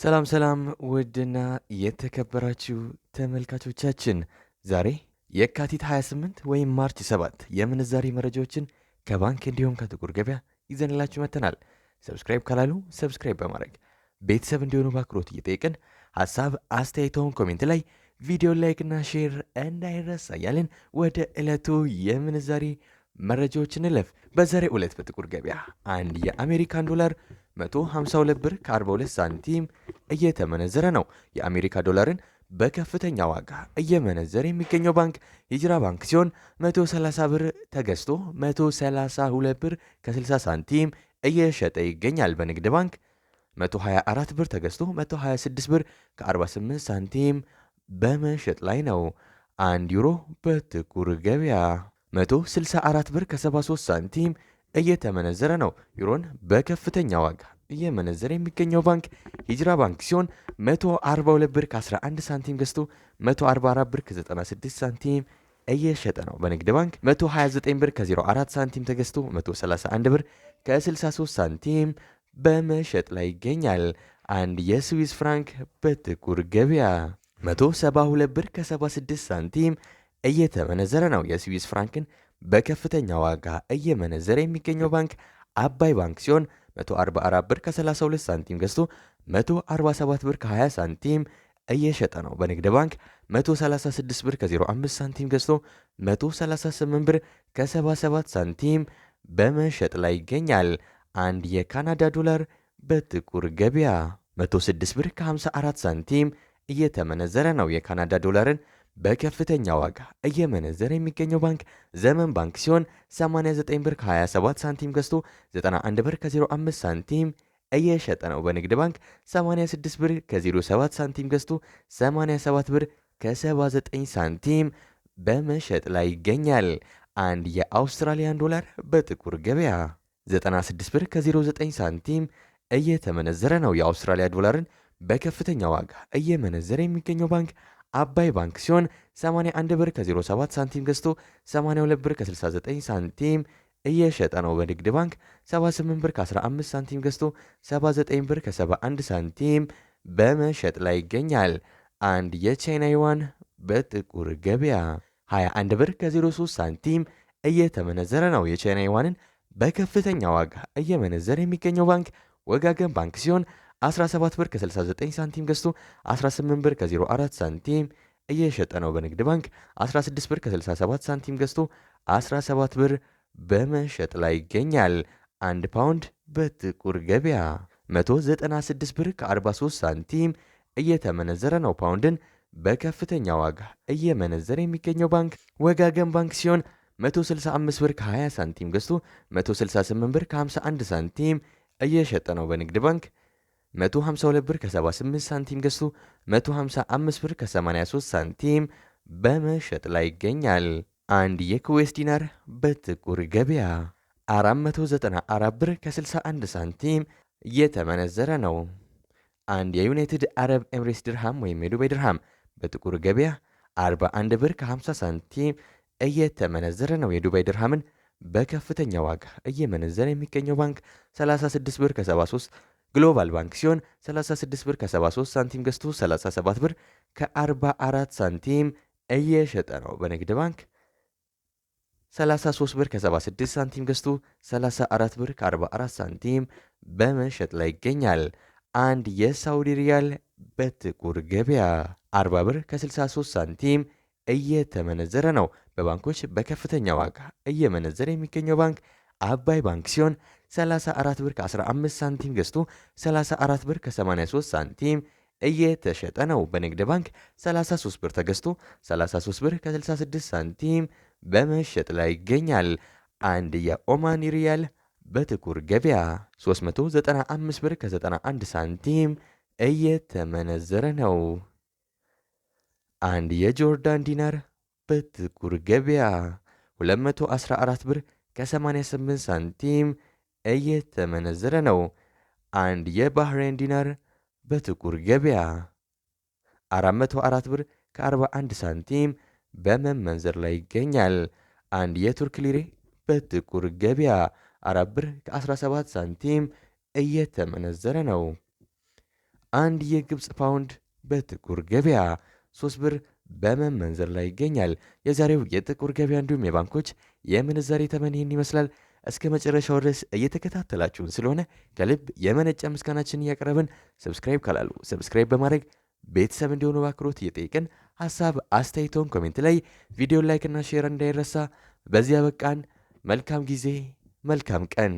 ሰላም ሰላም ውድና የተከበራችሁ ተመልካቾቻችን ዛሬ የካቲት 28 ወይም ማርች 7 የምንዛሬ መረጃዎችን ከባንክ እንዲሁም ከጥቁር ገበያ ይዘንላችሁ መጥተናል። ሰብስክራይብ ካላሉ ሰብስክራይብ በማድረግ ቤተሰብ እንዲሆኑ በአክብሮት እየጠየቅን ሀሳብ አስተያየተውን ኮሜንት ላይ ቪዲዮ ላይክና ሼር እንዳይረሳ እያልን ወደ ዕለቱ የምንዛሬ መረጃዎች እንለፍ። በዛሬ ዕለት በጥቁር ገበያ አንድ የአሜሪካን ዶላር 152 ብር ከ42 ሳንቲም እየተመነዘረ ነው። የአሜሪካ ዶላርን በከፍተኛ ዋጋ እየመነዘረ የሚገኘው ባንክ ሂጅራ ባንክ ሲሆን 130 ብር ተገዝቶ 132 ብር ከ60 ሳንቲም እየሸጠ ይገኛል። በንግድ ባንክ 124 ብር ተገዝቶ 126 ብር ከ48 ሳንቲም በመሸጥ ላይ ነው። አንድ ዩሮ በጥቁር ገበያ 164 ብር ከ73 ሳንቲም እየተመነዘረ ነው። ዩሮን በከፍተኛ ዋጋ እየመነዘረ የሚገኘው ባንክ ሂጅራ ባንክ ሲሆን 142 ብር ከ11 ሳንቲም ገዝቶ 144 ብር ከ96 ሳንቲም እየሸጠ ነው። በንግድ ባንክ 129 ብር ከ04 ሳንቲም ተገዝቶ 131 ብር ከ63 ሳንቲም በመሸጥ ላይ ይገኛል። አንድ የስዊስ ፍራንክ በጥቁር ገበያ 172 ብር ከ76 ሳንቲም እየተመነዘረ ነው። የስዊስ ፍራንክን በከፍተኛ ዋጋ እየመነዘረ የሚገኘው ባንክ አባይ ባንክ ሲሆን 144 ብር ከ32 ሳንቲም ገዝቶ 147 ብር ከ20 ሳንቲም እየሸጠ ነው። በንግድ ባንክ 136 ብር ከ05 ሳንቲም ገዝቶ 138 ብር ከ77 ሳንቲም በመሸጥ ላይ ይገኛል። አንድ የካናዳ ዶላር በጥቁር ገበያ 106 ብር ከ54 ሳንቲም እየተመነዘረ ነው። የካናዳ ዶላርን በከፍተኛ ዋጋ እየመነዘረ የሚገኘው ባንክ ዘመን ባንክ ሲሆን 89 ብር ከ27 ሳንቲም ገዝቶ 91 ብር ከ05 ሳንቲም እየሸጠ ነው። በንግድ ባንክ 86 ብር ከ07 ሳንቲም ገዝቶ 87 ብር ከ79 ሳንቲም በመሸጥ ላይ ይገኛል። አንድ የአውስትራሊያን ዶላር በጥቁር ገበያ 96 ብር ከ09 ሳንቲም እየተመነዘረ ነው። የአውስትራሊያ ዶላርን በከፍተኛ ዋጋ እየመነዘረ የሚገኘው ባንክ አባይ ባንክ ሲሆን 81 ብር ከ07 ሳንቲም ገዝቶ 82 ብር ከ69 ሳንቲም እየሸጠ ነው። በንግድ ባንክ 78 ብር ከ15 ሳንቲም ገዝቶ 79 ብር ከ71 ሳንቲም በመሸጥ ላይ ይገኛል። አንድ የቻይና ዩዋን በጥቁር ገበያ 21 ብር ከ03 ሳንቲም እየተመነዘረ ነው። የቻይና ዩዋንን በከፍተኛ ዋጋ እየመነዘረ የሚገኘው ባንክ ወጋገን ባንክ ሲሆን 17 ብር ከ69 ሳንቲም ገዝቶ 18 ብር ከ04 ሳንቲም እየሸጠ ነው። በንግድ ባንክ 16 ብር ከ67 ሳንቲም ገዝቶ 17 ብር በመሸጥ ላይ ይገኛል። አንድ ፓውንድ በጥቁር ገበያ 196 ብር ከ43 ሳንቲም እየተመነዘረ ነው። ፓውንድን በከፍተኛ ዋጋ እየመነዘረ የሚገኘው ባንክ ወጋገን ባንክ ሲሆን 165 ብር ከ20 ሳንቲም ገዝቶ 168 ብር ከ51 ሳንቲም እየሸጠ ነው። በንግድ ባንክ 152 ብር ከ78 ሳንቲም ገዝቶ 155 ብር ከ83 ሳንቲም በመሸጥ ላይ ይገኛል። አንድ የኩዌስ ዲናር በጥቁር ገበያ 494 ብር ከ61 ሳንቲም እየተመነዘረ ነው። አንድ የዩናይትድ አረብ ኤምሬስ ድርሃም ወይም የዱባይ ድርሃም በጥቁር ገበያ 41 ብር ከ50 ሳንቲም እየተመነዘረ ነው። የዱባይ ድርሃምን በከፍተኛ ዋጋ እየመነዘረ የሚገኘው ባንክ 36 ብር ከ73 ግሎባል ባንክ ሲሆን 36 ብር ከ73 ሳንቲም ገዝቶ 37 ብር ከ44 ሳንቲም እየሸጠ ነው። በንግድ ባንክ 33 ብር ከ76 ሳንቲም ገዝቶ 34 ብር ከ44 ሳንቲም በመሸጥ ላይ ይገኛል። አንድ የሳውዲ ሪያል በጥቁር ገበያ 40 ብር ከ63 ሳንቲም እየተመነዘረ ነው። በባንኮች በከፍተኛ ዋጋ እየመነዘረ የሚገኘው ባንክ አባይ ባንክ ሲሆን 34 ብር ከ15 ሳንቲም ገዝቶ 34 ብር ከ83 ሳንቲም እየተሸጠ ነው። በንግድ ባንክ 33 ብር ተገዝቶ 33 ብር ከ66 ሳንቲም በመሸጥ ላይ ይገኛል። አንድ የኦማን ሪያል በጥቁር ገበያ 395 ብር ከ91 ሳንቲም እየተመነዘረ ነው። አንድ የጆርዳን ዲናር በጥቁር ገበያ 214 ብር ከ88 ሳንቲም እየተመነዘረ ነው። አንድ የባህሬን ዲናር በጥቁር ገበያ 404 ብር ከ41 ሳንቲም በመመንዘር ላይ ይገኛል። አንድ የቱርክ ሊሬ በጥቁር ገበያ 4 ብር ከ17 ሳንቲም እየተመነዘረ ነው። አንድ የግብፅ ፓውንድ በጥቁር ገበያ 3 ብር በመመንዘር ላይ ይገኛል። የዛሬው የጥቁር ገበያ እንዲሁም የባንኮች የምንዛሬ ተመን ይህን ይመስላል። እስከ መጨረሻው ድረስ እየተከታተላችሁን ስለሆነ ከልብ የመነጨ ምስጋናችን እያቀረብን ሰብስክራይብ ካላሉ ሰብስክራይብ በማድረግ ቤተሰብ እንዲሆኑ በአክብሮት እየጠየቅን ሀሳብ አስተያየቶን ኮሜንት ላይ ቪዲዮ ላይክና ሼር እንዳይረሳ። በዚያ በቃን። መልካም ጊዜ፣ መልካም ቀን